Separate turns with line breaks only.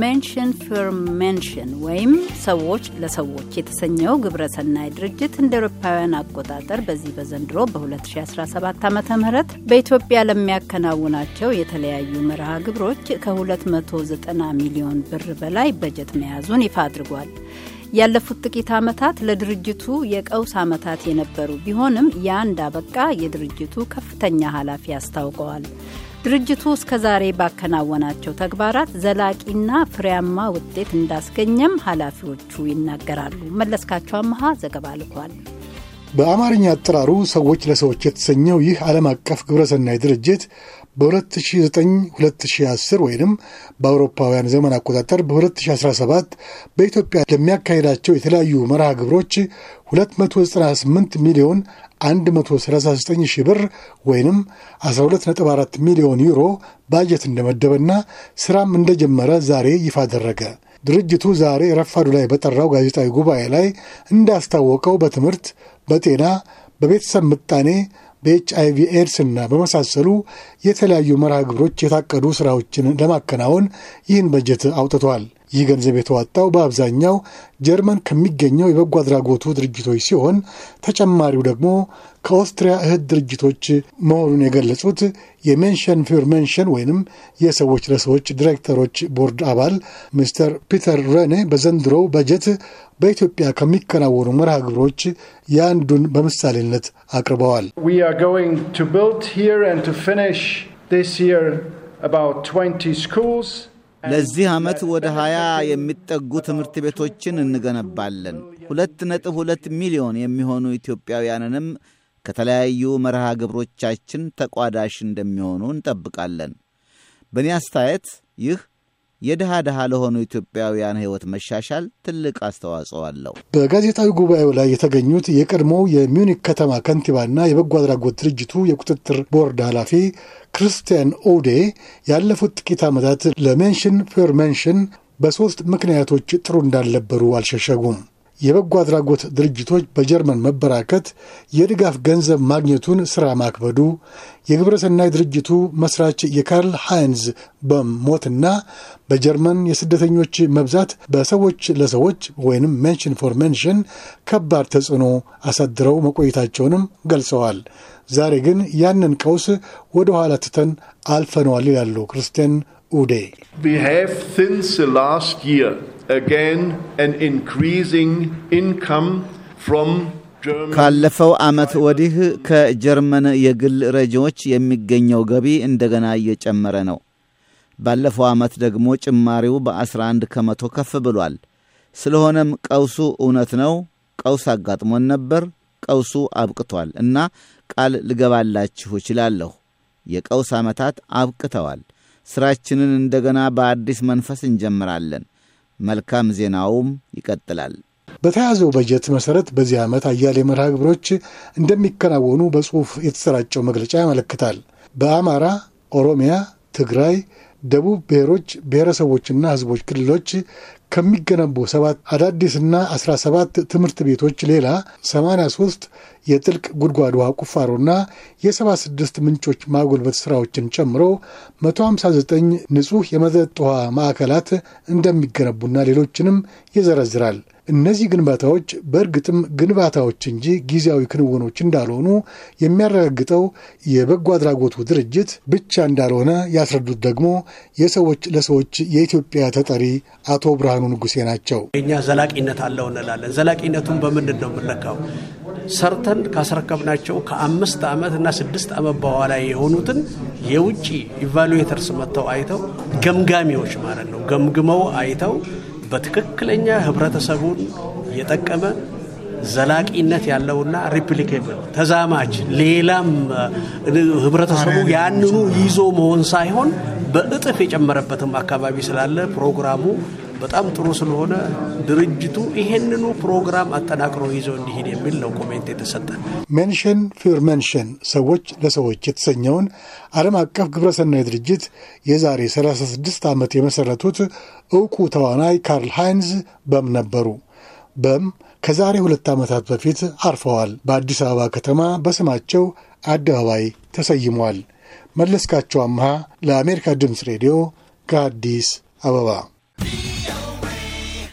ሜንሽን ፎር ሜንሽን ወይም ሰዎች ለሰዎች የተሰኘው ግብረሰናይ ድርጅት እንደ ኤሮፓውያን አቆጣጠር በዚህ በዘንድሮ በ2017 ዓ ም በኢትዮጵያ ለሚያከናውናቸው የተለያዩ መርሃ ግብሮች ከ290 ሚሊዮን ብር በላይ በጀት መያዙን ይፋ አድርጓል። ያለፉት ጥቂት ዓመታት ለድርጅቱ የቀውስ ዓመታት የነበሩ ቢሆንም ያ እንዳበቃ የድርጅቱ ከፍተኛ ኃላፊ አስታውቀዋል። ድርጅቱ እስከ ዛሬ ባከናወናቸው ተግባራት ዘላቂና ፍሬያማ ውጤት እንዳስገኘም ኃላፊዎቹ ይናገራሉ። መለስካቸው አመሃ ዘገባ ልኳል።
በአማርኛ አጠራሩ ሰዎች ለሰዎች የተሰኘው ይህ ዓለም አቀፍ ግብረሰናይ ድርጅት በ2009-2010 ወይም በአውሮፓውያን ዘመን አቆጣጠር በ2017 በኢትዮጵያ ለሚያካሄዳቸው የተለያዩ መርሃ ግብሮች 298 ሚሊዮን 139 ሺህ ብር ወይም 124 ሚሊዮን ዩሮ ባጀት እንደመደበና ስራም እንደጀመረ ዛሬ ይፋ አደረገ። ድርጅቱ ዛሬ ረፋዱ ላይ በጠራው ጋዜጣዊ ጉባኤ ላይ እንዳስታወቀው በትምህርት፣ በጤና፣ በቤተሰብ ምጣኔ፣ በኤች አይቪ እና በመሳሰሉ የተለያዩ መርሃ ግብሮች የታቀዱ ስራዎችን ለማከናወን ይህን በጀት አውጥቷል። ይህ ገንዘብ የተዋጣው በአብዛኛው ጀርመን ከሚገኘው የበጎ አድራጎቱ ድርጅቶች ሲሆን ተጨማሪው ደግሞ ከኦስትሪያ እህት ድርጅቶች መሆኑን የገለጹት የሜንሽን ፊር ሜንሽን ወይንም የሰዎች ለሰዎች ዲሬክተሮች ቦርድ አባል ሚስተር ፒተር ረኔ በዘንድሮው በጀት በኢትዮጵያ ከሚከናወኑ መርሃ ግብሮች የአንዱን በምሳሌነት አቅርበዋል።
ለዚህ ዓመት ወደ 20 የሚጠጉ ትምህርት ቤቶችን እንገነባለን። 2.2 ሚሊዮን የሚሆኑ ኢትዮጵያውያንንም ከተለያዩ መርሃ ግብሮቻችን ተቋዳሽ እንደሚሆኑ እንጠብቃለን። በእኔ አስተያየት ይህ የድሃ ድሃ ለሆኑ ኢትዮጵያውያን ሕይወት መሻሻል ትልቅ አስተዋጽኦ አለው።
በጋዜጣዊ ጉባኤው ላይ የተገኙት የቀድሞው የሚዩኒክ ከተማ ከንቲባና የበጎ አድራጎት ድርጅቱ የቁጥጥር ቦርድ ኃላፊ ክርስቲያን ኦዴ ያለፉት ጥቂት ዓመታት ለሜንሽን ፌር ሜንሽን በሦስት ምክንያቶች ጥሩ እንዳልነበሩ አልሸሸጉም። የበጎ አድራጎት ድርጅቶች በጀርመን መበራከት የድጋፍ ገንዘብ ማግኘቱን ሥራ ማክበዱ፣ የግብረሰናይ ድርጅቱ መስራች የካርል ሃይንዝ በሞትና በጀርመን የስደተኞች መብዛት በሰዎች ለሰዎች ወይንም ሜንሽን ፎር ሜንሽን ከባድ ተጽዕኖ አሳድረው መቆየታቸውንም ገልጸዋል። ዛሬ ግን ያንን ቀውስ ወደ ኋላ ትተን አልፈነዋል ይላሉ ክርስቲያን ኡዴ again an increasing income from
ካለፈው
ዓመት ወዲህ ከጀርመን የግል ረጂዎች የሚገኘው ገቢ እንደገና እየጨመረ ነው። ባለፈው ዓመት ደግሞ ጭማሪው በ11 ከመቶ ከፍ ብሏል። ስለሆነም ቀውሱ እውነት ነው። ቀውስ አጋጥሞን ነበር። ቀውሱ አብቅቷል እና ቃል ልገባላችሁ እችላለሁ፣ የቀውስ ዓመታት አብቅተዋል። ሥራችንን እንደገና በአዲስ መንፈስ እንጀምራለን። መልካም ዜናውም ይቀጥላል።
በተያዘው በጀት መሰረት በዚህ ዓመት አያሌ መርሃ ግብሮች እንደሚከናወኑ በጽሑፍ የተሰራጨው መግለጫ ያመለክታል። በአማራ፣ ኦሮሚያ፣ ትግራይ፣ ደቡብ ብሔሮች ብሔረሰቦችና ሕዝቦች ክልሎች ከሚገነቡ ሰባት አዳዲስና 17 ትምህርት ቤቶች ሌላ 83 የጥልቅ ጉድጓድ ውሃ ቁፋሮና የ76 ምንጮች ማጎልበት ስራዎችን ጨምሮ 159 ንጹህ የመጠጥ ውሃ ማዕከላት እንደሚገነቡና ሌሎችንም ይዘረዝራል። እነዚህ ግንባታዎች በእርግጥም ግንባታዎች እንጂ ጊዜያዊ ክንውኖች እንዳልሆኑ የሚያረጋግጠው የበጎ አድራጎቱ ድርጅት ብቻ እንዳልሆነ ያስረዱት ደግሞ የሰዎች ለሰዎች የኢትዮጵያ ተጠሪ አቶ ብርሃኑ ንጉሴ ናቸው።
እኛ ዘላቂነት አለው እንላለን። ዘላቂነቱን በምንድን ነው የምንለካው? ሰርተን ካስረከብናቸው ከአምስት ዓመት እና ስድስት ዓመት በኋላ የሆኑትን የውጭ ኢቫሉዌተርስ መጥተው አይተው ገምጋሚዎች ማለት ነው ገምግመው አይተው በትክክለኛ ህብረተሰቡን የጠቀመ ዘላቂነት ያለውና ሪፕሊኬብል ተዛማጅ ሌላም ህብረተሰቡ ያንኑ ይዞ መሆን ሳይሆን በእጥፍ የጨመረበትም አካባቢ ስላለ ፕሮግራሙ በጣም ጥሩ ስለሆነ ድርጅቱ ይሄንኑ ፕሮግራም አጠናክሮ ይዞ እንዲሄድ የሚል ነው ኮሜንት የተሰጠ።
ሜንሽን ፊር ሜንሽን ሰዎች ለሰዎች የተሰኘውን ዓለም አቀፍ ግብረሰናይ ድርጅት የዛሬ 36 ዓመት የመሠረቱት እውቁ ተዋናይ ካርል ሃይንዝ በም ነበሩ። በም ከዛሬ ሁለት ዓመታት በፊት አርፈዋል። በአዲስ አበባ ከተማ በስማቸው አደባባይ ተሰይሟል። መለስካቸው አምሃ ለአሜሪካ ድምፅ ሬዲዮ ከአዲስ አበባ